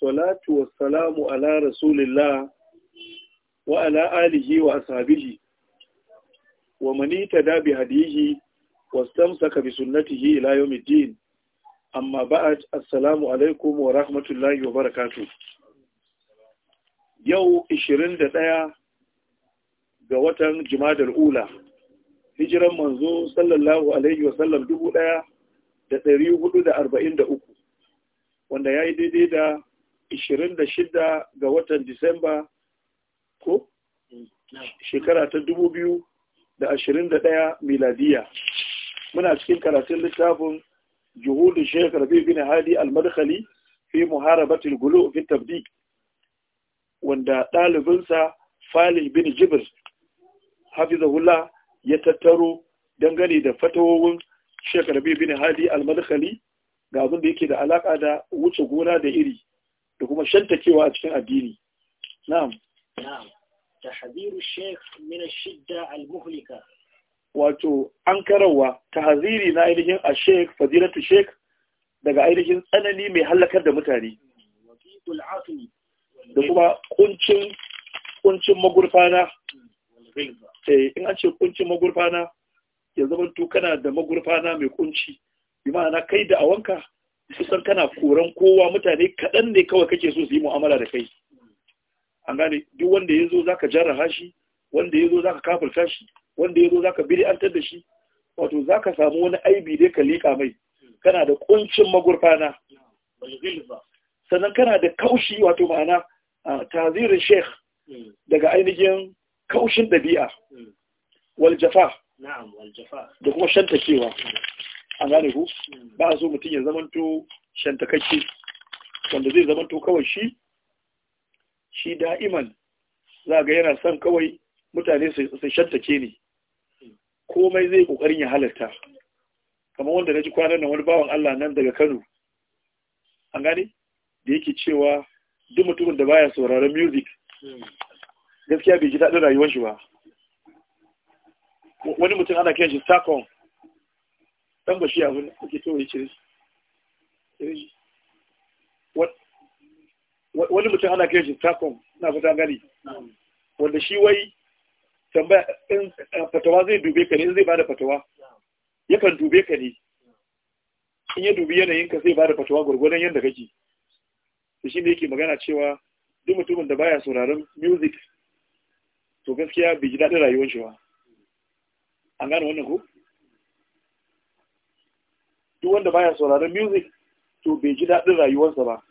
salatu wassalamu ala rasulillah wa ala alihi wa ashabihi wa mani ittaba bi hadihi wastamsaka bi sunnatihi ila yawmiddin amma ba'd assalamu alaikum wa rahmatullahi wa barakatuh yau 21 ga watan jumadal ula hijiran manzo sallallahu alaihi wa sallam 1443 wanda yayi daidai da 26 ga watan Disamba ko shekara ta 2021 miladiya muna cikin karatun littafin juhudin Sheikh Rabi bin Hadi al fi muharabatil gulu fi tabdiq wanda ɗalibinsa Falih bin Jibr hafizahullah ya tattaro dangane da fatawowin Sheikh Rabi bin Hadi al ga abin da yake da alaƙa da wuce gona da iri da kuma shantakewa a cikin addini na'am na'am tahdhiru shaykh min ash-shidda al-muhlika wato an karawa tahziri na ainihin ash-shaykh fadilatu shaykh daga ainihin tsanani mai halakar da mutane da kuma kuncin kuncin magurfana eh in an ce kuncin magurfana ya zama to kana da magurfana mai kunci bi ma'ana kai da awanka kusan kana koran kowa mutane kaɗan ne kawai kake so su yi mu'amala da kai an gane duk wanda ya zo za ka jarraha shi wanda ya zo za ka kafirta shi wanda ya zo za ka bid'antar da shi wato za ka samu wani aibi dai ka liƙa mai kana da ƙuncin magurfana sannan kana da kaushi wato ma'ana tazirin sheikh daga ainihin kaushin ɗabi'a wal jafa da kuma shantakewa an gane ku ba a so mutum ya zamanto shantakakke wanda zai zamanto kawai shi shi da'iman za ga yana son kawai mutane su shantake ne komai zai kokarin ya halarta kamar wanda na ji kwanan nan wani bawan Allah nan daga Kano an gane da yake cewa duk mutumin da baya sauraron music gaskiya bai ji daɗin rayuwar shi ba wani mutum ana kiran shi sakon ba shi abin da ake wani mutum ana kai shi takom na fata gani wanda shi wai tambaya in eh, fatawa zai dube ka ne in zai bada fatawa yakan dube ka ne in ya dubi yanayin ka zai bada fatawa gwargwadon yadda kake da shi ne yake magana cewa duk mutumin da baya sauraron music to gaskiya bai ji daɗin rayuwar shi ba an gane wannan ko duk wanda baya sauraron music to bai ji daɗin rayuwarsa ba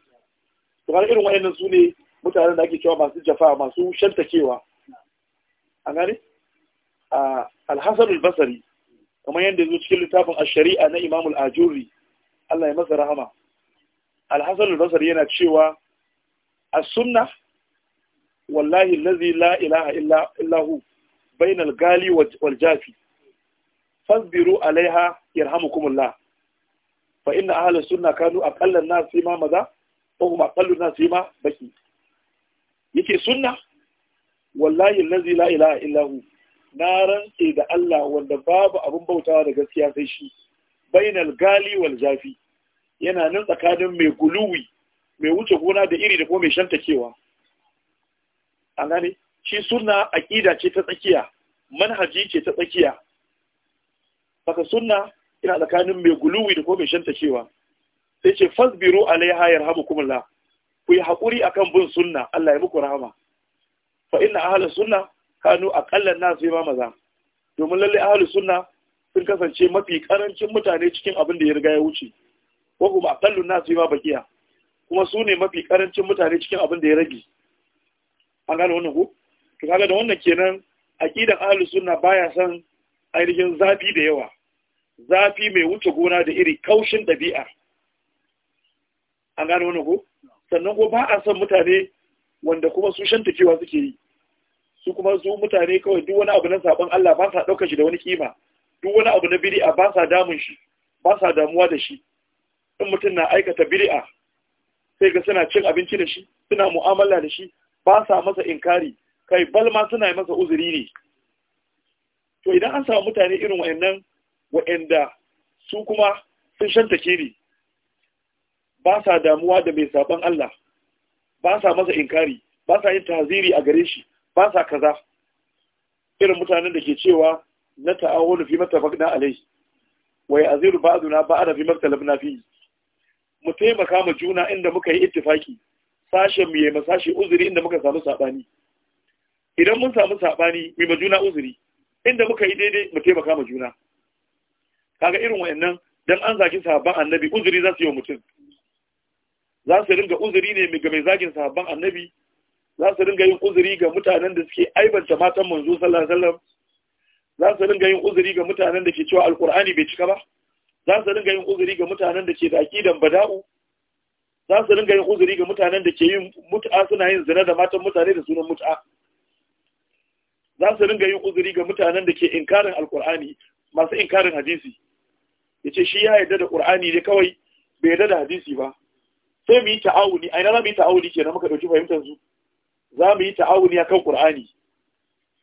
to kaga irin wayannan su ne mutanen da ake cewa masu jafa masu shantakewa a gane a alhassan albasari kamar yadda zo cikin littafin a sharia na imamul ajuri Allah ya masa rahama alhassan albasari yana cewa a sunna wallahi lazi la ilaha illa illahu bainal gali wal jafi fasbiru alaiha yarhamukumullah fa inna ahlus sunna kanu aqallan nas ma maza ko kuma aqallun nas ma baki yake sunna wallahi allazi la ilaha illa hu na rantse da Allah wanda babu abun bautawa da gaskiya sai shi bainal gali wal yana nan tsakanin mai guluwi mai wuce gona da iri da ko mai shantakewa an gane shi sunna aqida ce ta tsakiya manhaji ce ta tsakiya saka sunna ina tsakanin mai guluwi da ko mai shanta cewa sai ce fasbiru alaiha yarhamukumullah ku yi a akan bin sunna Allah ya muku rahama fa inna ahli sunna kanu aqallan nas ma maza domin lalle ahli sunna sun kasance mafi karancin mutane cikin abin da ya riga ya wuce ko kuma aqallun nas ma baqiya kuma su ne mafi karancin mutane cikin abin da ya rage an gane wannan ku? to kaga da wannan kenan aqidan ahli sunna baya son ainihin zabi da yawa zafi mai wuce gona da iri kaushin ɗabi'a an gane wani ko sannan ko ba a son mutane wanda kuma su shanta cewa suke yi su kuma su mutane kawai duk wani abu na saɓon Allah ba sa ɗaukar shi da wani kima duk wani abu na bid'a ba sa damun shi ba sa damuwa da shi in mutum na aikata biri'a, sai ga suna cin abinci da shi suna mu'amala da shi ba sa masa inkari kai balma suna yi masa uzuri ne to idan an samu mutane irin wayannan Waɗanda su kuma sun shantake kiri ba sa damuwa da mai saɓon Allah ba sa masa inkari ba sa yin taziri a gare shi ba sa kaza irin mutanen da ke cewa na ta'awunu fi fagna alai wa ya'ziru ba ana fi labna fi mu taimaka ma juna inda muka yi ittifaki sashen mu ma sashi uzuri inda muka samu saɓani. idan mun samu saɓani mu ma juna uzuri inda muka yi daidai mu taimaka ma juna kaga irin wayannan dan an zagi sahabban annabi uzuri za su yi mutum za su ringa uzuri ne ga mai zagin sahabban annabi za su ringa yin uzuri ga mutanen da suke aibanta matan manzo sallallahu alaihi wasallam za su ringa yin uzuri ga mutanen da ke cewa alkur'ani bai cika ba za su ringa yin uzuri ga mutanen da ke da aqidan bada'u za su ringa yin uzuri ga mutanen da ke yin mut'a suna yin zina da matan mutane da sunan mut'a za su ringa yin uzuri ga mutanen da ke inkarin alkur'ani masu inkarin hadisi ya ce shi ya yarda da ƙur'ani ne kawai bai yarda da hadisi ba sai mu yi ta'awuni a ina za mu yi ta'awuni kenan muka ɗauki fahimtar su za mu yi ta'awuni a kan ƙur'ani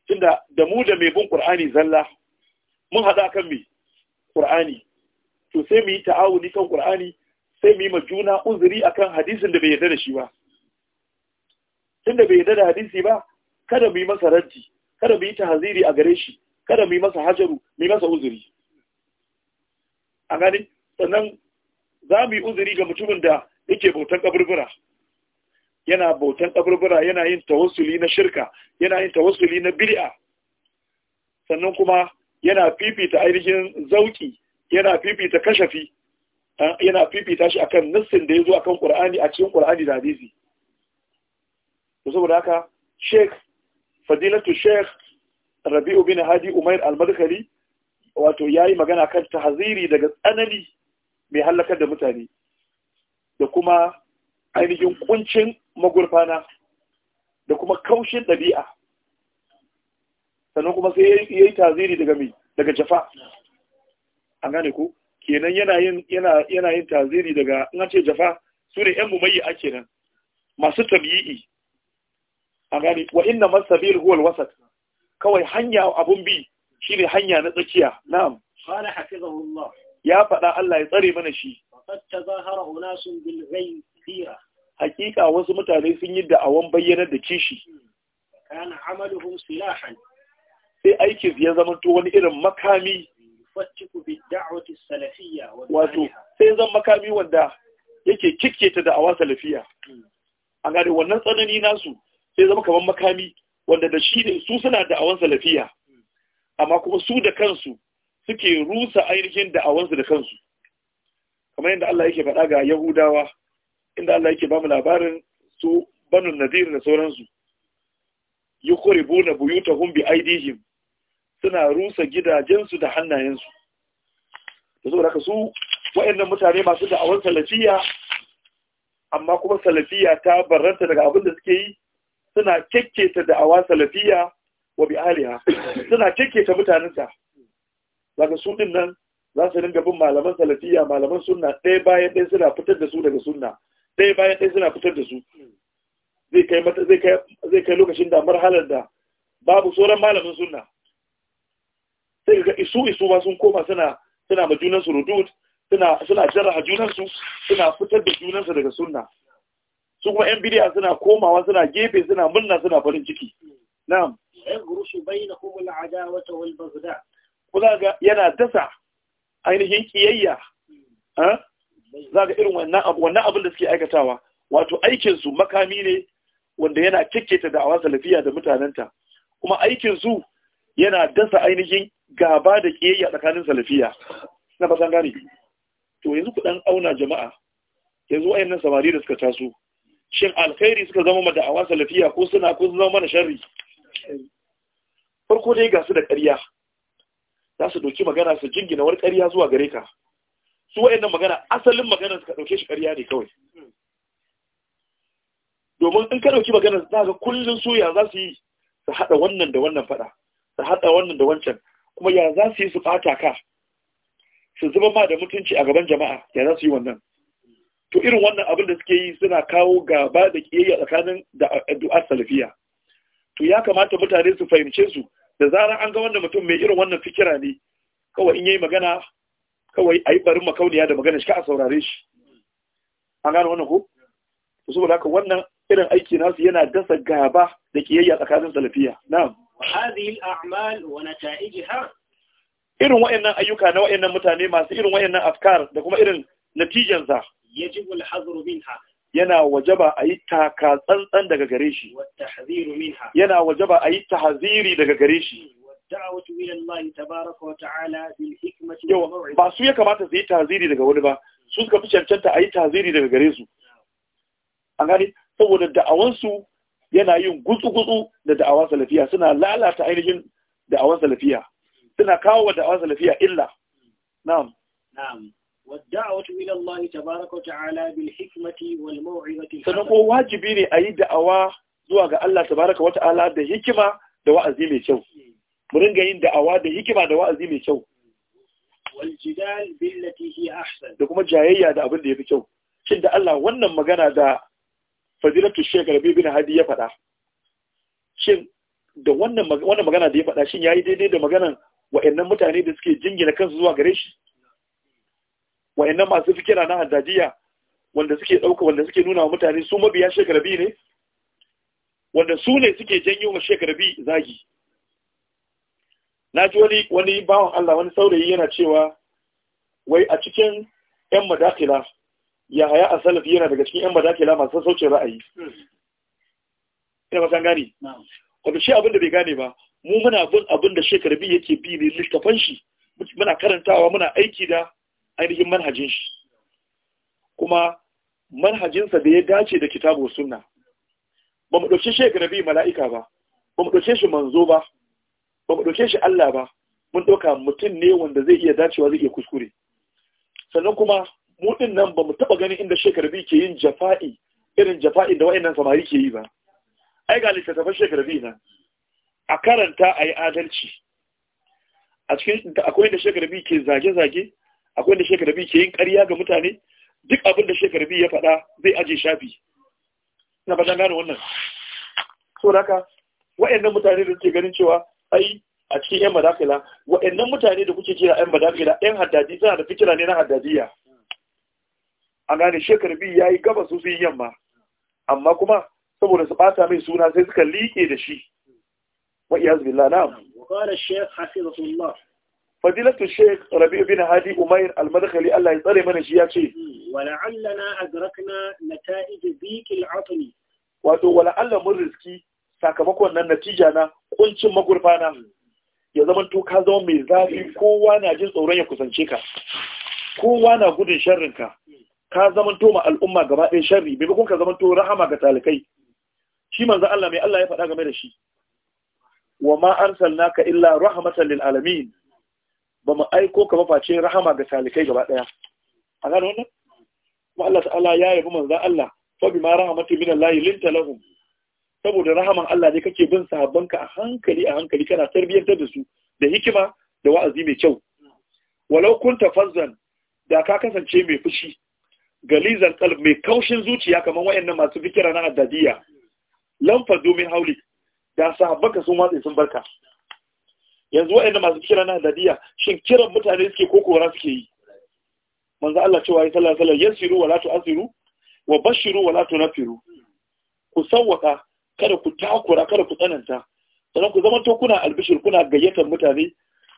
tunda da mu da mai bin ƙur'ani zalla mun haɗa kan mai ƙur'ani to sai mu yi ta'awuni kan ƙur'ani sai mu yi ma juna uzuri akan hadisin da bai yarda da shi ba tunda bai yarda da hadisi ba kada mu yi masa ranti, kada mu yi tahziri a gare shi kada mu yi masa hajaru mu yi masa uzuri a gani sannan za mu yi uzuri ga mutumin da yake bautan kaburbura yana bautan kaburbura yana yin tawassuli na shirka yana yin tawassuli na bid'a sannan kuma yana fifita ainihin zauki yana fifita kashafi eh, yana fifita shi akan nassin da ya zo akan Qur'ani a cikin Qur'ani da hadisi to saboda haka Sheikh Fadilatu Sheikh Rabi'u bin Hadi Umair Al-Madkhali wato ya yi magana kan tahziri daga tsanani mai halakar da mutane da kuma ainihin kuncin magurfana da kuma kaushin ɗabi'a sannan kuma sai ya yi taziri daga mai daga jafa an gane ku kenan yana yin taziri daga in ce jafa su ne yan mumayi a kenan masu tabi'i A gane wa inna masabil huwal wasat kawai hanya abun bi ne hanya na tsakiya na'am qala ya faɗa Allah ya tsare mana shi faqad tazahara unasun bil ghaib kira hakika wasu mutane sun yi da'awan bayyanar da kishi kana amaluhum silahan sai aiki ya zama to wani irin makami da'wati salafiyya wato sai zan makami wanda yake kike ta da'awa salafiya hmm. A gane wannan tsanani nasu sai zama kamar makami wanda da shi ne su suna da'awan salafiya amma kuma su da kansu suke rusa ainihin da'awansu da kansu kamar yadda Allah yake faɗa ga Yahudawa inda Allah yake ba mu labarin su banu nadir da sauransu yukhribuna buyutahum bi aidihim suna rusa gidajensu da hannayensu da saboda haka su waɗannan mutane masu da'awan salafiya amma kuma salafiya ta barranta daga abin da suke yi suna kekketa da'awa salafiya wa bi aliha suna mutanen mutanenta daga su din nan za su dinga bin malaman salafiya malaman sunna ɗaya bayan ɗaya suna fitar da su daga sunna ɗaya bayan ɗaya suna fitar da su zai kai zai kai zai kai lokacin da marhalar da babu sauran malamin sunna sai ga isu isu ba sun koma suna suna ma junan su rudud suna suna jarraha junan su suna fitar da junan su daga sunna su kuma yan bidiya suna komawa suna gefe suna murna suna farin ciki na'am yagrushu bainahum al'adawa wal baghdad kuma ga yana dasa ainihin kiyayya hmm. eh? za ga irin wannan abin da suke aikatawa wato aikinsu makami ne wanda yana kikkita ta awa salafiya da mutanenta kuma aikinsu yana dasa ainihin gaba da kiyayya tsakanin salafiya na basan gane to yanzu ku kudan auna jama'a yanzu wayannan samari da suka taso shin alkhairi suka zama ma da'awa salafiya ko suna ko zama mana sharri shari farko dai ga su da ƙarya za su dauki magana su jingina wani ƙarya zuwa gare ka su nan magana asalin maganar ka ɗauke shi ƙarya ne kawai domin in ka ɗauki magana za ga kullum su ya za su yi su haɗa wannan da wannan faɗa su haɗa wannan da wancan kuma ya za su yi su ɓata ka su zuba ma da mutunci a gaban jama'a ya za su yi wannan to irin wannan abin da suke yi suna kawo gaba da kiyayya tsakanin da addu'ar salafiya to ya kamata mutane su fahimce su da zarar an ga wannan mutum mai irin wannan fikira ne kawai in yayi magana kawai ayi barin makauniya da magana shi ka saurare shi an gano wannan ko to saboda haka wannan irin aiki nasu yana dasa gaba da kiyayya tsakanin salafiya na'am hadhihi al-a'mal wa nata'ijha irin wayannan ayyuka na wayannan mutane masu irin wayannan afkar da kuma irin natijansa yajibu al-hazru minha yana wajaba a yi taka tsantsan daga gare shi yana wajaba a yi tahaziri daga gare shi ba su ya kamata su yi tahaziri daga wani ba su suka fi cancanta a yi tahaziri daga gare su an gani saboda da'awansu yana yin gutsu-gutsu da da'awan salafiya suna lalata ainihin da'awan salafiya suna kawo wa da'awan salafiya illa na'am والدعوة إلى الله تبارك وتعالى بالحكمة والموعظة سنقول واجبيني أي دعوة zuwa ga Allah tabaraka wa ta'ala da hikima da wa'azi mai kyau mu ringa yin da'awa da hikima da wa'azi mai kyau wal jidal billati hi da kuma jayayya da abin da yafi kyau shin da Allah ya faɗa shin da wannan magana da ya faɗa shin yayi daidai da maganan wa'annan mutane da suke jingina kansu zuwa gare shi wa'annan masu fikira na haddajiya wanda suke ɗauka wanda suke nuna wa mutane su mabiya shekarabi ne wanda su ne suke janyo wa shekarabi zagi na ji wani wani bawan Allah wani saurayi yana cewa wai a cikin yan madakila ya haya a salafi yana daga cikin yan madakila masu sassaucin ra'ayi ina ba san gane wanda shi abin da bai gane ba mu muna bin abin da shekarabi yake bi ne littafan shi muna karantawa muna aiki da ainihin manhajin shi kuma manhajinsa da ya dace da kitabu sunna ba mu ɗauke shi ga mala'ika ba ba mu ɗauke shi manzo ba ba mu ɗauke shi Allah ba mun ɗauka mutum ne wanda zai iya dacewa zai iya kuskure sannan kuma mu ɗin nan ba mu taɓa ganin inda biyu ke yin jafa'i irin jafa'i da nan samari ke yi ba ai ga littattafan biyu nan. a karanta a yi adalci a cikin akwai inda biyu ke zage-zage akwai da biyu ke yin ƙarya ga mutane duk abin da biyu ya faɗa zai aje shafi na fatan gane wannan so da haka wa'annan mutane da ke ganin cewa ai a cikin yan madakila wa'annan mutane da kuke kira yan madakila yan haddadi suna da fikira ne na haddadiya a gane biyu ya yi gaba su yi yamma amma kuma saboda su ɓata mai suna sai suka liƙe da shi wa billah na'am wa qala shaykh hafizullah fadilatu sheikh rabi bin hadi umair al-madkhali Allah ya tsare mana shi ya ce wala'allana adrakna nata'ij dhiqil atni wato mun riski sakamakon nan natija na kuncin magurfana ya zama to ka zama mai zafi kowa na jin tsoron ya kusance ka kowa na gudun sharrin ka ka zama to ma al'umma gaba ɗaya sharri maimakon ka zama to rahama ga talikai shi manzo Allah mai Allah ya faɗa game da shi wa ma arsalnaka illa rahmatan lil alamin ba mu aiko ka face rahama ga salikai gaba ɗaya. a gano wannan ma Allah ta'ala ya yabi manzon Allah fa bi ma rahamati min Allah linta lahum saboda rahaman Allah ne kake bin sahabbanka a hankali a hankali kana tarbiyyantar da su da hikima da wa'azi mai kyau walau kunta fazzan da ka kasance mai fushi galizan kalb mai kaushin zuciya kamar wayannan masu fikira na addadiya lamfa domin hauli da sahabbanka sun watsa sun barka yanzu waɗanda masu kira na hadadiya shin kiran mutane suke ko kora suke yi manzo Allah cewa ya sallallahu alaihi wasallam yasiru wala tu'siru wa bashiru wala tunfiru ku sawwaka kada ku takura kada ku tsananta sannan ku zamanto kuna albishir kuna gayyatar mutane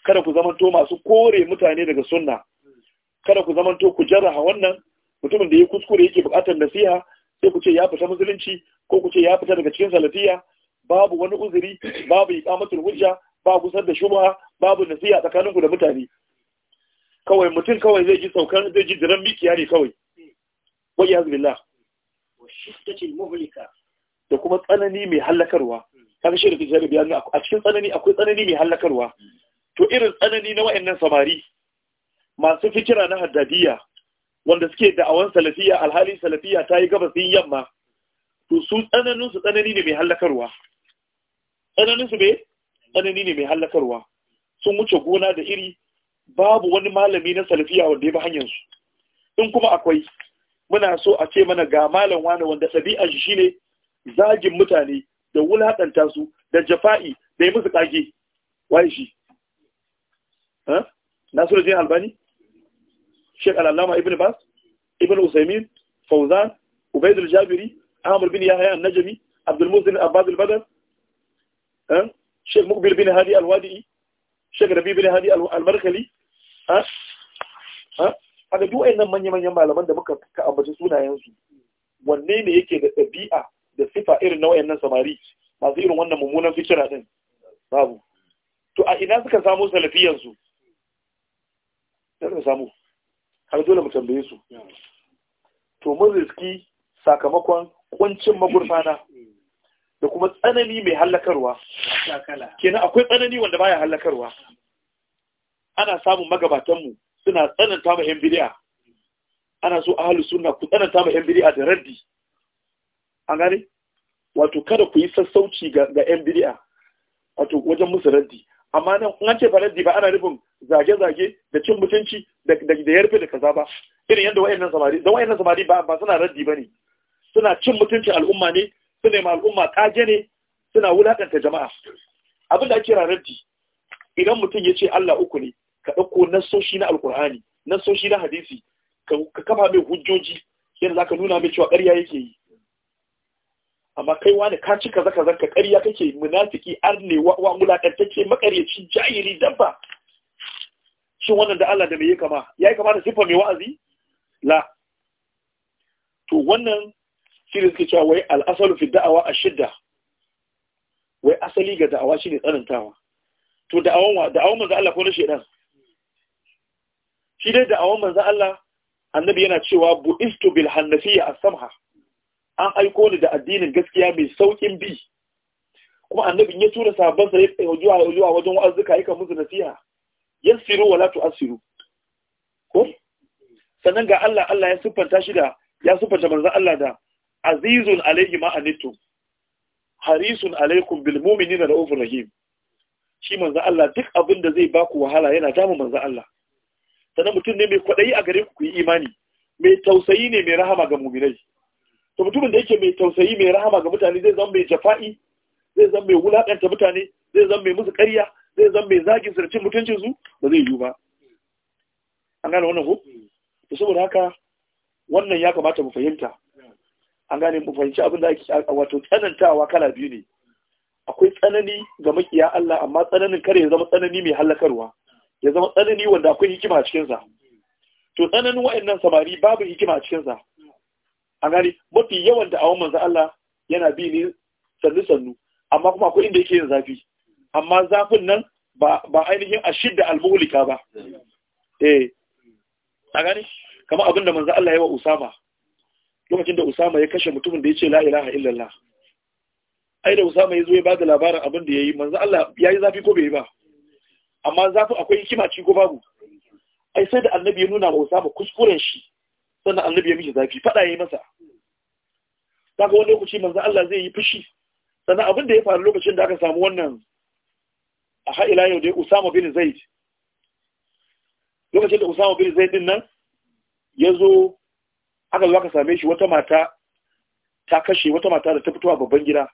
kada ku zamanto masu kore mutane daga sunna kada ku zamanto ku jarraha wannan mutumin da ya kuskure yake bukatar nasiha sai ku ce ya fita musulunci ko ku ce ya fita daga cikin salafiya babu wani uzuri babu iqamatul hujja ba kusan da shubha babu tsakanin tsakaninku da mutane kawai mutum kawai zai ji saukan zai ji diran mikiya ne kawai wai ya zubilla da kuma tsanani mai hallakarwa kaga shi da tijari biyan a cikin tsanani akwai tsanani mai hallakarwa to irin tsanani na wayannan samari masu fikira na haddadiya wanda suke da'awan salafiya alhali salafiya ta yi gabas yin yamma to su tsananinsu su tsanani ne mai hallakarwa tsananin su tsanani ne mai hallakarwa sun wuce gona da iri babu wani malami na salafiya wanda ya bi hanyar su in kuma akwai muna so a ce mana ga malam wani wanda ɗabi'a shi shine zagin mutane da wulaƙanta su da jafa'i da yi musu ƙage waye shi nasiru jin albani shek Alalama ibn bas ibn usaimin fauzan ubaidul jabiri ahmad bin yahaya Najami, abdul musulun abbas al-badar Sheikh Mukbil bin Hadi Al-Wadi'i Sheikh Rabi bin Hadi Al-Markali ha ha haka duk wayannan manya-manyan malaman da muka ka ambaci sunayen su wanne ne yake da ɗabi'a da sifa irin na wayannan samari masu irin wannan mummunan fikira din babu to a ina suka samu salafiyan su suka samu har dole mu tambaye su to mun riski sakamakon kuncin magurfana da kuma tsanani mai hallakarwa kenan akwai tsanani wanda baya hallakarwa ana samun magabatanmu suna tsananta ma yan bidiya ana so ahalu suna ku tsananta ma yan bidiya da raddi an gane wato kada ku yi sassauci ga yan bidiya wato wajen musu raddi amma nan an ce fa raddi ba ana nufin zage-zage da cin mutunci da ya yarfe da kaza ba irin yadda wayannan samari da wayannan samari ba ba suna raddi ne. suna cin mutuncin al'umma ne ne ma al'umma kaje ne suna wulaƙanta jama'a abin da ake rarrabi idan mutum ya ce Allah uku ne ka ɗauko nasoshi na alkur'ani nasoshi na hadisi ka kafa mai hujjoji yadda za ka nuna mai cewa ƙarya yake yi amma kai wani ka ci kaza kaza ka ƙarya kake munafiki ne wa ke makaryaci jahili dabba shin wannan da Allah da me ya kama yayi kama da sifa mai wa'azi la to wannan shi da suke cewa wai al'asalu fi da'awa a shidda wai asali ga da'awa shi ne tsanantawa to da'awan wa da'awan manzo Allah ko na shedan shi dai da'awan manzan Allah annabi yana cewa bu'istu bil hanafiyya as-samha an aiko ni da addinin gaskiya mai saukin bi kuma Annabi ya tura sahabban sa ya zuwa zuwa wajen wa'azuka yake musu nasiha yasiru wala tu'siru ko sannan ga Allah Allah ya siffanta shi da ya siffanta manzo Allah da azizun alaihi ma harisun alaikum bil mu'minina raufur rahim shi manzo Allah duk abin da zai baku wahala yana damu manzo Allah sanan mutum ne mai kwaɗayi a gare ku ku yi imani mai tausayi ne mai rahama ga muminai to mutumin da yake mai tausayi mai rahama ga mutane zai zama mai jafa'i zai zama mai wulakanta mutane zai zama mai musu ƙarya zai zama mai zagin sirrin mutuncin su ba zai yiwu ba an gane wannan ko to saboda haka wannan ya kamata mu fahimta an gane mu fahimci abin da ake wato tsanantawa kala biyu ne akwai tsanani ga makiya Allah amma tsananin kare ya zama tsanani mai halakarwa ya zama tsanani wanda akwai hikima a cikinsa to tsananin wa'annan samari babu hikima a cikinsa an gane mafi yawan da awon manzo Allah yana bi ne sannu sannu amma kuma akwai inda yake yin zafi amma zafin nan ba ba ainihin ashidda almulika ba eh a gane kamar abin da manzo Allah ya wa Usama lokacin da Usama ya kashe mutumin da ya ce la ilaha illallah ai da Usama ya zo ya bada labarin abin da yayi manzo Allah ya yi zafi ko bai ba amma zafi akwai hikima ci ko babu ai sai da annabi ya nuna wa Usama kuskuren shi sannan annabi ya mishi zafi fada yayi masa kaga wani lokaci manzo Allah zai yi fushi sannan abin da ya faru lokacin da aka samu wannan a ila yau da Usama bin Zaid lokacin da Usama bin Zaid din nan ya zo aka zo aka same shi wata mata ta kashe wata mata da ta fito a babban gida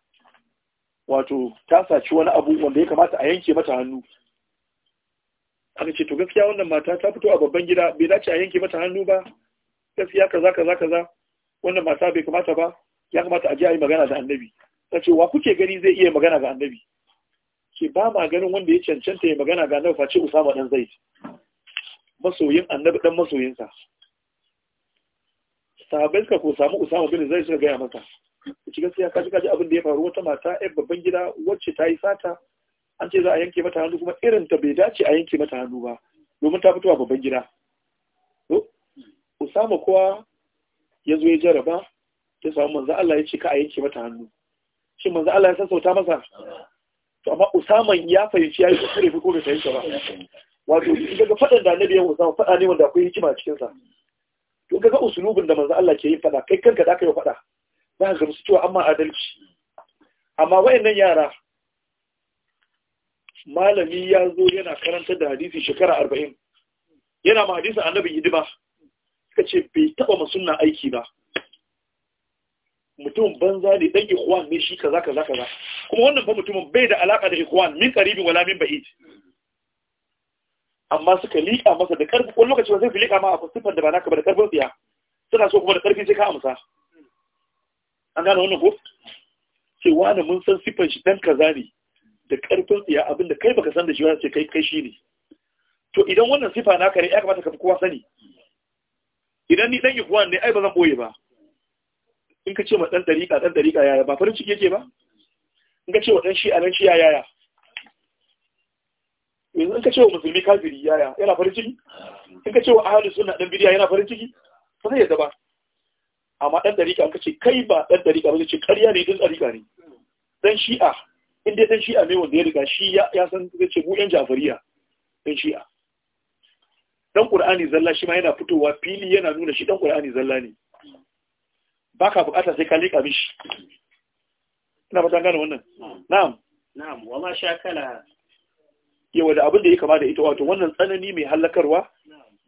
wato ta saci wani abu wanda ya kamata a yanke mata hannu aka ce to gaskiya wannan mata ta fito a babban gida bai dace a yanke mata hannu ba gaskiya kaza kaza kaza wannan mata bai kamata ba ya kamata a je a yi magana da annabi ta ce wa kuke gani zai iya magana ga annabi ke ba ma ganin wanda ya cancanta ya magana ga annabi face usama dan zaid masoyin annabi dan masoyinsa sahabbai suka ko samu usama bin zai suka gaya maka. ci gaskiya ka ji abin da ya faru wata mata yar babban gida wacce ta yi sata an ce za a yanke mata hannu kuma irin ta bai dace a yanke mata hannu ba domin ta fito a babban gida usama kuwa ya zo ya jaraba ya samu manzo Allah ya ce ka a yanke mata hannu shin manzo Allah ya sassauta masa to amma usaman ya fahimci ya yi kokari ko bai fahimta ba wato daga faɗan da annabi ya usama faɗa ne wanda akwai hikima a cikin sa to kaga usulubin da manzo Allah ke yin fada kai kanka da ka yi fada za ka gamsu cewa amma adalci amma wayannan yara malami ya zo yana karanta da hadisi shekara arba'in yana ma hadisi annabi hidima suka ce bai taba ma aiki ba mutum banza ne dan ikhwan ne shi kaza kaza kaza kuma wannan fa mutumin bai da alaka da ikhwan min qaribi wala min ba'id amma suka liƙa masa da ƙarfi wani lokaci ba sai su ma a siffar da ba naka ba da ƙarfin tsiya suna so kuma da ƙarfi sai ka amsa an gane wannan ko ce wani mun san siffar shi dan kaza ne da ƙarfin tsiya abinda kai baka san da shi wani ce kai kai shi ne to idan wannan siffa na ne ya kamata ka fi kowa sani idan ni dan ikuwan ne ai ba zan boye ba in ka ce ma dan dariƙa dan dariƙa yaya ba farin ciki yake ba in ka ce wa dan shi'a dan shi'a yaya yanzu in ka ce wa musulmi kafiri yaya yana farin ciki in ka ce wa ahalus sunna dan bidiya yana farin ciki ba zai yadda ba amma dan dariƙa an ka ce kai ba dan dariƙa ba zai ce ƙarya ne dan dariƙa ne dan shi'a in dai dan shi'a ne wanda ya riga shi ya san zai ce mu yan jafariya dan shi'a dan qur'ani zalla shi ma yana fitowa fili yana nuna shi dan qur'ani zalla ne baka bukata sai ka lika mishi ina fatan gane wannan na'am na'am wa ma kala yawa da abin da ya kama da ita wato wannan tsanani mai hallakarwa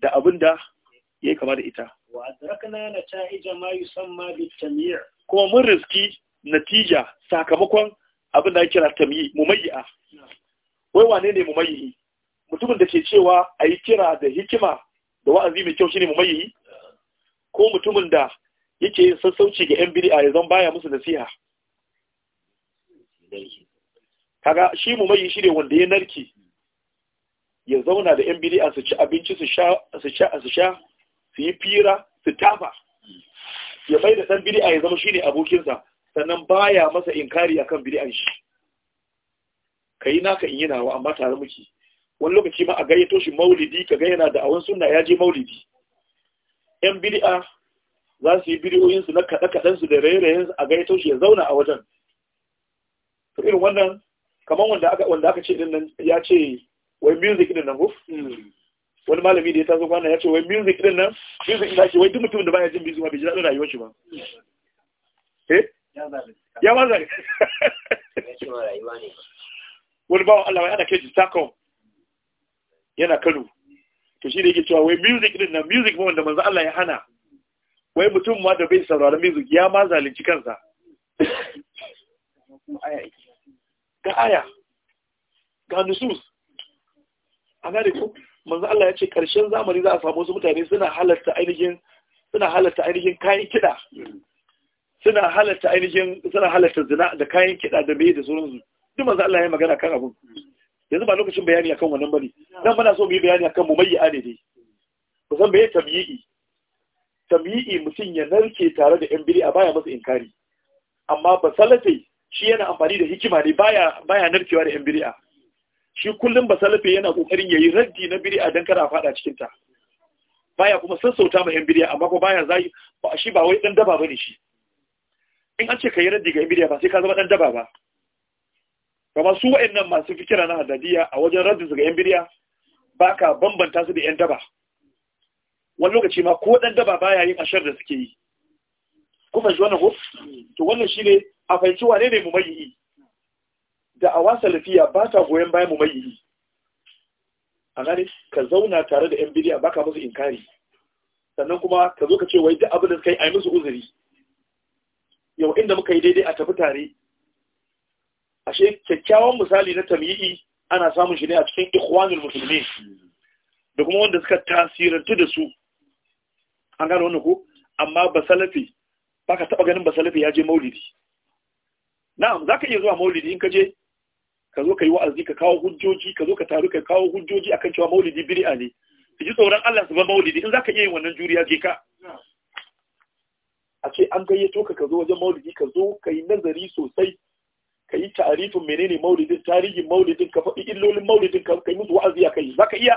da abin da ya kama da ita na kuma mun riski natija sakamakon abin da ya kira tamyi a? wai wane ne mumayyi mutumin da ke cewa a yi kira da hikima da wa'azi mai kyau shine mumayyi ko mutumin da yake yin sassauci ga yan bid'a ya zan baya musu nasiha kaga shi mumayyi shine wanda ya narki ya zauna da yan bidi'a su ci abinci su sha su sha su yi fira su tafa ya bai da san bidi'a ya zama shine abokinsa sannan baya masa inkari akan bidiyan shi kai naka in yi nawa amma tare muke wani lokaci ma a gayyato shi maulidi ka ga yana da awon sunna ya je maulidi yan bidiya za su yi su na kaɗe-kaɗen su da raye-rayen a gayyato shi ya zauna a wajen to irin wannan kamar wanda aka wanda aka ce din nan ya ce wai music din nan ko wani malami da ya taso kwana ya ce wai music din nan music ina ce wai duk mutumin da baya jin music ma bai ji daɗin rayuwar shi ba eh ya ma zaka wani bawan Allah wai ana kai ji takon yana Kano to shi da yake cewa wai music din nan music ma wanda manzo Allah ya hana wai mutum ma da bai sauraron music ya ma zalunci kansa ga aya ga nusus an gane ku manzo Allah ya ce karshen zamani za a samu wasu mutane suna halarta ainihin suna halarta ainihin kayan kiɗa suna halarta ainihin suna halarta zina da kayan kiɗa da bai da sauransu duk manzo Allah ya magana kan abun yanzu ba lokacin bayani akan wannan bane dan muna so mu yi bayani akan mumayya ne dai kusan bai tabi'i tabi'i mutum ya narke tare da yan biri a baya masa inkari amma ba salate shi yana amfani da hikima ne baya baya narkewa da yan biri'a shi kullum ba salafe yana kokarin yayi raddi na bid'a dan kada a fada cikin ta baya kuma sassauta ma yan bid'a amma ko baya zai ba shi ba wai dan daba bane shi in an ce kai raddi ga yan bid'a ba sai ka zama dan daba ba kuma su wa'annan masu fikira na hadadiya a wajen raddin su ga yan bid'a baka bambanta su da yan daba wani lokaci ma ko dan daba baya yin ashar da suke yi kuma shi wannan ko to wannan shine a fahimci wane ne mu yi Da wasa salafiya ba ta goyon bayan mu mai a gane ka zauna tare da yan bidiya baka musu inkari sannan kuma ka zo ka ce wai duk abin da suka yi a yi musu uzuri yau inda muka yi daidai a tafi tare ashe kyakkyawan misali na tamyi'i ana samun shi ne a cikin ikhwanul musulmi da kuma wanda suka tasirantu da su an gano wannan ko amma basalafi baka taba ganin basalafi ya je maulidi na'am zaka iya zuwa maulidi in ka je ka zo ka yi wa'azi ka kawo hujjoji ka zo ka taru ka kawo hujjoji akan cewa maulidi bid'a ne su ji tsoron Allah su ba maulidi in zaka iya yin wannan juriya je ka a ce an gayyato ka ka zo wajen maulidi ka zo ka yi nazari sosai ka yi tarifin menene maulidin tarihin maulidin ka faɗi illolin maulidin ka yi musu wa'azi a kai zaka iya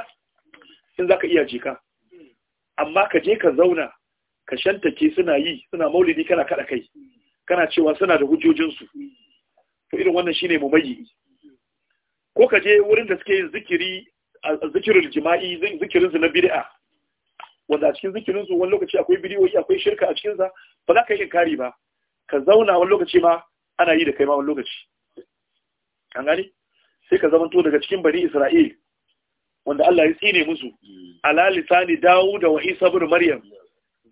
in zaka iya je ka amma ka je ka zauna ka shantake suna yi suna maulidi kana kada kai kana cewa suna da hujjojinsu to irin wannan shine mumayyi ko ka je wurin da suke yin zikiri zikirin jima'i zikirin su na bid'a wanda a cikin zikirin su wani lokaci akwai bidiyoyi akwai shirka a cikin sa ba za ka yi kari ba ka zauna wani lokaci ma ana yi da kai ma wani lokaci an gani sai ka to daga cikin bani isra'il wanda Allah ya tsine musu hmm. ala lisani dawud wa isa bin maryam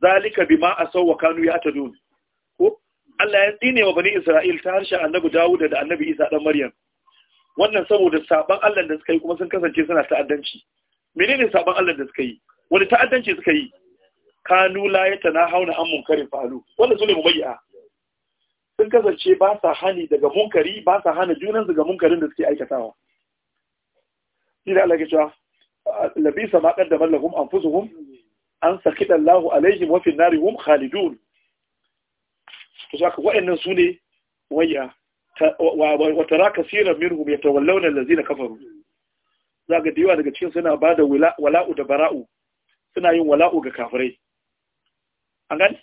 zalika bima asaw wa kanu ya'tadun ko Allah ya tsine wa bani isra'il ta harshen annabi Dawuda da annabi isa dan maryam wannan saboda saban Allah da suka yi kuma sun kasance suna ta'addanci menene saban Allah da suka yi wani ta'addanci suka yi kanu la hauna an munkari fa'alu wanda sune mubayya sun kasance ba sa hani daga munkari ba sa hana junan su ga munkarin da suke aikatawa shi da Allah ya ce labisa ma qaddama lahum anfusuhum an sakida Allah alaihim wa fi nari hum khalidun to saka wa'annan sune mubayya wa tara kasiran minhum yatawallawna allazina kafaru zaka da daga cikin suna bada wala'u da bara'u suna yin wala'u ga kafirai an gani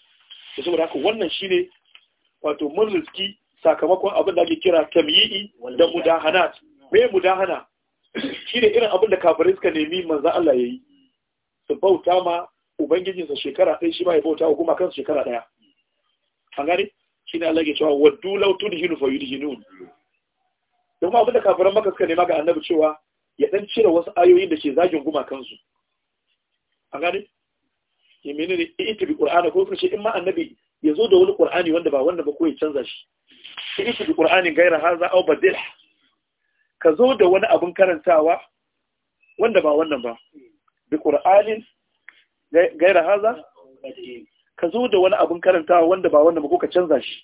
to saboda haka wannan shine wato mun riski sakamakon abin da ake kira tamyi'i da mudahanat me mudahana shine irin abin da kafirai suka nemi manzo Allah yayi su bauta ma ubangijinsa shekara ɗaya shi ma ya bauta wa kuma kansa shekara ɗaya an gani shi ne Allah cewa waddu law tudhinu fa yudhinun da kuma abinda kafiran maka suka nema ga annabi cewa ya dan cire wasu ayoyin da ke zagin gumakan su a gane ya menene ita bi qur'ana ko kuma shi in ma annabi ya zo da wani qur'ani wanda ba wanda ba ko ya canza shi ita bi qur'ani gaira haza aw badil ka zo da wani abun karantawa wanda ba wannan ba bi qur'anin gaira haza ka zo da wani abin karantawa wanda ba wanda ko ka canza shi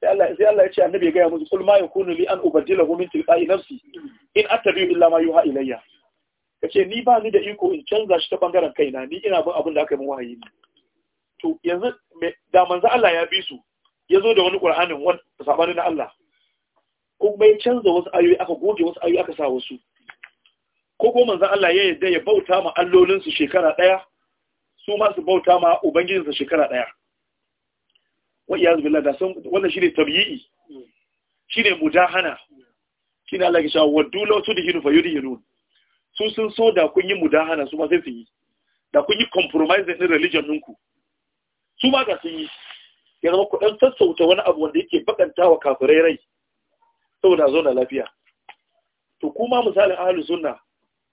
sai Allah ya ce annabi ya gaya musu kul ma yakunu li an ubaddilahu min tilqa'i nafsi in attabi'u illa ma yuha ilayya kace ni ba ni da iko in canza shi ta bangaren kaina ni ina bin abin da aka yi min wahayi ne to yanzu da manzo Allah ya bi su ya zo da wani Qur'anin wanda sabanin na Allah ko kuma ya canza wasu ayoyi aka goge wasu ayoyi aka sa wasu ko ko manzo Allah ya yarda ya bauta ma allolin su shekara daya su ma su bauta ma ubangijinsa shekara ɗaya wa iya zubi lada wannan shi ne tabi'i shi ne mudahana shi ne alaƙi shawar waddu lausu, da hinufa yudi hinun su sun so da kun yi mudahana su ma sai su yi da kun yi compromise ɗin religion ɗinku su ma ga sun yi ya zama ku sassauta wani abu wanda yake bakanta wa kafirai rai saboda zo lafiya to kuma misalin ahalus sunna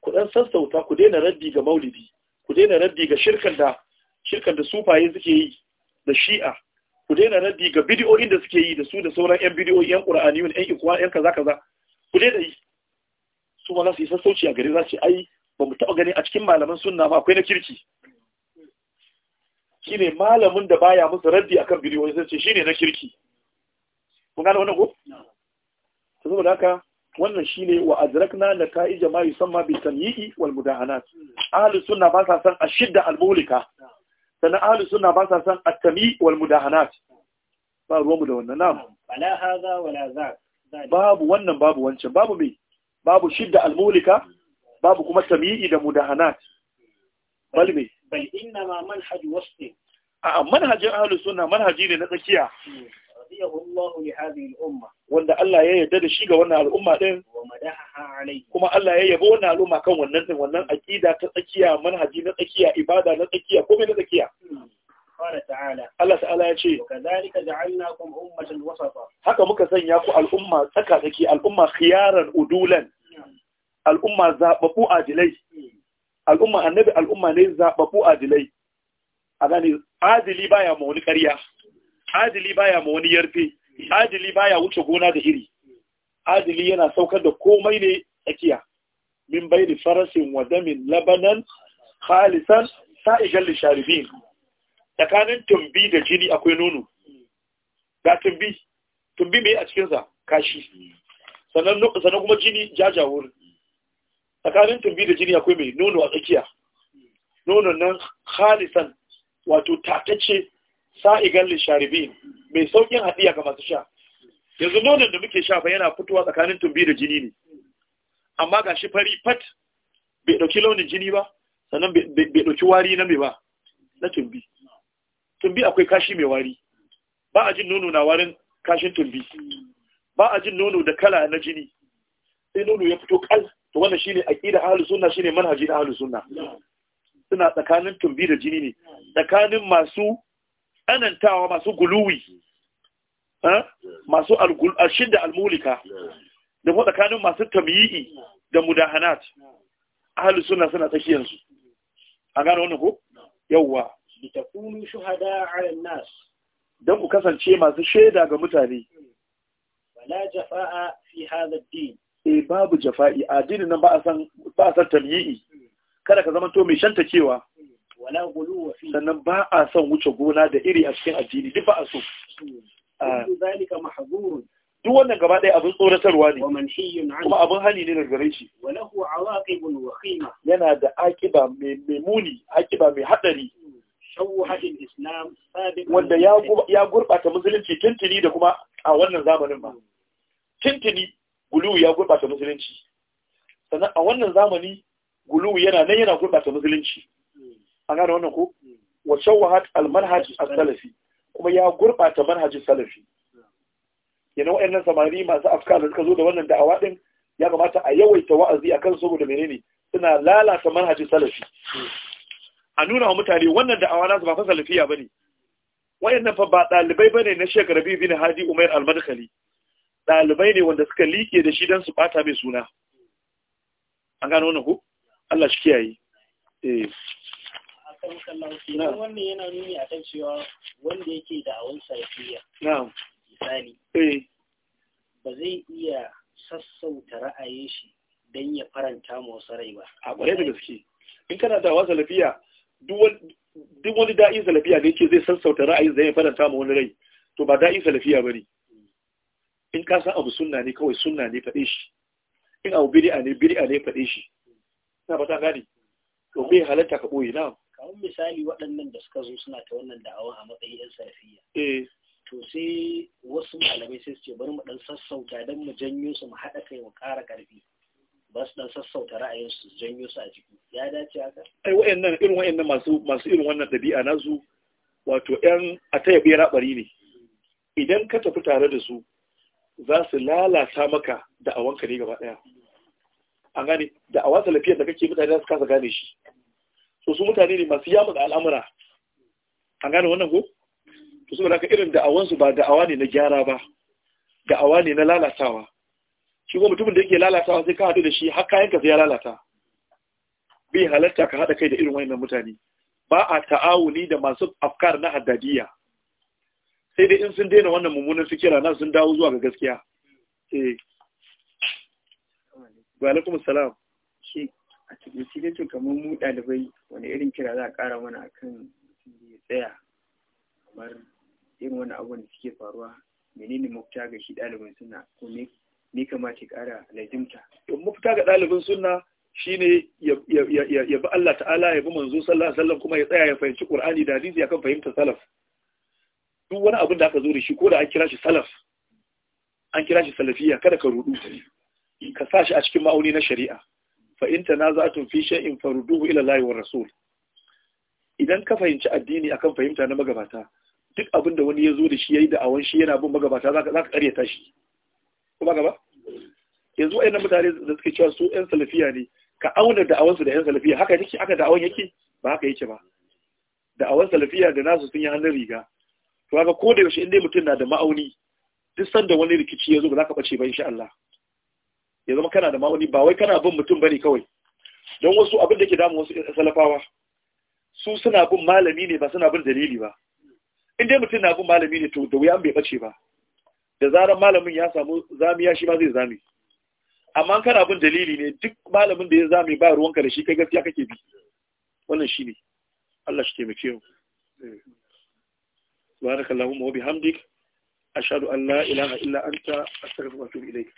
ku dan sassauta ku daina raddi ga maulidi ku daina raddi ga shirkan da shirkan da sufaye suke yi da shi'a ku daina raddi ga bidiyoyin da suke yi da su da sauran yan bidiyoyi yan qur'aniyun yan ikwa yan kaza kaza ku daina yi su ma za su yi sassauci a gari za su ai ba mu taɓa gani a cikin malaman sunna ba akwai na kirki shine malamin da baya musu raddi akan bidiyoyi sai ce shine na kirki kun gane wannan ko to saboda haka wannan shi shine wa azrakna nata'ija ma yusamma bi tamyi'i wal mudahanat ahlus suna ba sa san ashidda al mulika sannan ahlus suna ba sa san at-tamyi' wal mudahanat ba ruwanmu da wannan na'am ala hadha wala zak babu wannan babu wancan babu me babu shidda almulika, babu kuma tamyi'i da mudahanat bal me bal inna ma manhaj wasfi a manhajin ahlus suna manhaji ne na tsakiya hmm. radiyahu Allah li hadhihi al-umma wanda Allah ya yarda da shi ga wannan al'umma din wa madaha alayhi kuma Allah ya yabo wannan al'umma kan wannan din wannan aqida ta tsakiya manhaji na tsakiya ibada na tsakiya komai na tsakiya hmm. qala ta'ala Allah ta'ala ya ce kadhalika ja'alnakum ummatan wasata haka muka sanya ku al'umma tsaka tsaki al'umma khiyaran udulan hmm. al'umma zababu adilai hmm. al'umma annabi al'umma ne zababu adilai a gane adili baya mawani ƙarya adili baya ma wani yarfe adili baya wuce gona da iri adili yana saukar da komai ne tsakiya min da farasin wadamin damin labanan khalisan sa'igan lisharibin tsakanin tumbi da jini akwai nono ga tumbi tumbi mai a cikinsa kashi sannan kuma jini jajawur tsakanin tumbi da jini akwai mai nono a tsakiya nono nan khalisan wato tatacce sa'igan lisharibin mai saukin haɗiya ga masu sha yanzu nonon da muke shafa yana fitowa tsakanin tumbi da jini ne amma ga shi fari fat bai ɗauki launin jini ba sannan bai ɗauki wari na mai ba na tumbi tumbi akwai kashi mai wari ba a jin nono na warin kashin tumbi ba a jin nono da kala na jini sai nono ya fito kal to wannan shine aqida ahlus sunna shine manhaji na ahlus sunna suna tsakanin tumbi da jini ne tsakanin masu tsanantawa masu guluwi masu alshin da almulika da kuma tsakanin masu tamyi'i da mudahanat ahlus suna suna tsakiyar A an gane wani ko yawwa litakunu shuhada nas ku kasance masu shaida ga mutane wala jafa'a fi E, babu jafa'i addinin nan ba a san ba a san kada ka zama to mai shanta cewa wala gulu fi sannan ba a son wuce gona da iri a cikin addini duk ba a so hmm. ah. zalika duk wannan gaba ɗaya abin tsoratarwa ne kuma abin hali ne daga gare shi yana da akiba mai muni akiba mai haɗari wanda ya gurɓata musulunci tuntuni da kuma a wannan zamanin ba hmm. tuntuni gulu ya gurɓata musulunci sannan a wannan zamani gulu yana nan yana gurɓata musulunci an gane wannan ko wa shawahat al manhaj salafi kuma ya gurbata manhajin salafi kenan wayannan samari masu afkar da suka zo da wannan da'awa din ya kamata a yawaita wa'azi akan saboda menene suna lalata manhajin salafi a nuna wa mutane wannan da'awa nasu ba fa salafiya bane wayannan fa ba dalibai bane na Sheikh Rabi bin Hadi Umair Al-Madkhali dalibai ne wanda suka like da shi dan su bata mai suna an gano wannan ku Allah shi kiyaye eh akan kallon kenan wannan yana nuni a kan cewa wanda yake da awon safiya misali eh. ba zai iya sassauta ra'ayin shi don ya faranta motsa rai ba a ƙwarai da gaske in kana da awon salafiya duk wani da'in salafiya da yake zai sassauta ra'ayin zai faranta ma wani rai to ba da'in salafiya ba ne in ka san abu sunna ne kawai sunna ne faɗe shi in abu biri'a ne biri'a ne faɗe shi na ba ta gani to bai halatta ka ɓoye na kamar misali waɗannan da suka zo suna ta wannan da'awa a matsayin 'yan sarfiya. Eh. to sai wasu malamai sai su ce bari mu ɗan sassauta don mu janyo su mu haɗa kai mu ƙara ƙarfi ba su ɗan sassauta ra'ayin su janyo su a jiki ya dace haka ai wa'annan irin wa'annan masu masu irin wannan ɗabi'a na su. wato yan ta bera raɓari ne idan ka tafi tare da su za su lalata maka da awanka ne gaba ɗaya. an gane da awa salafiyar da kake mutane za su kasa gane shi to su mutane ne masu yamu da al'amura an gane wannan ko to su ka irin da'awansu ba da'awa ne na gyara ba da'awa ne na lalatawa shi ko mutumin da yake lalatawa sai ka haɗu da shi har kayan ka sai ya lalata bai halarta ka haɗa kai da irin wannan mutane ba a ta'awuni da masu afkar na haddadiya sai dai in sun daina wannan mummunan fikira na sun dawo zuwa ga gaskiya eh wa alaikum a cikin shi da kamar mu ɗalibai wani irin kira za a ƙara mana akan ya tsaya kamar irin wani abubuwan da suke faruwa menene mafita ga shi ɗalibin suna ko ne kamata ƙara lajimta? mafita ga ɗalibin suna shine ya bi Allah ta'ala ya bi manzo sallallahu alaihi wasallam kuma ya tsaya ya fahimci Qur'ani da hadisi akan fahimtar salaf duk wani abin da aka zo da shi ko da an kira shi salaf an kira shi salafiya kada ka rudu ka sa shi a cikin ma'auni na shari'a fa in tanaza'tum fi shay'in farudduhu ila Allahi wa rasul idan ka fahimci addini akan fahimta na magabata duk abin da wani ya zo da shi yayi da awan shi yana bin magabata zaka zaka karyata shi kuma gaba yanzu wayannan mutane da suke cewa su ƴan salafiya ne ka auna da su da ƴan salafiya haka yake aka da awan yake ba haka yake ba da awan salafiya da nasu sun yi hannun riga to haka ko da yaushe in mutum na da ma'auni duk sanda wani rikici ya zo ba za ka bace ba insha Allah ya zama kana da ma'auni ba wai kana bin mutum bane kawai don wasu abin da ke damu wasu salafawa su suna bin malami ne ba suna bin dalili ba in dai mutum na bin malami ne to da wuya an bai bace ba da zarar malamin ya samu zamiya shi ma zai zame amma kana bin dalili ne duk malamin da ya zame ba ruwanka da shi kai gaskiya kake bi wannan shi ne Allah shi taimake mu subhanakallahumma wa bihamdik hamdik, ashadu Allah, ilaha illa anta astaghfiruka wa atubu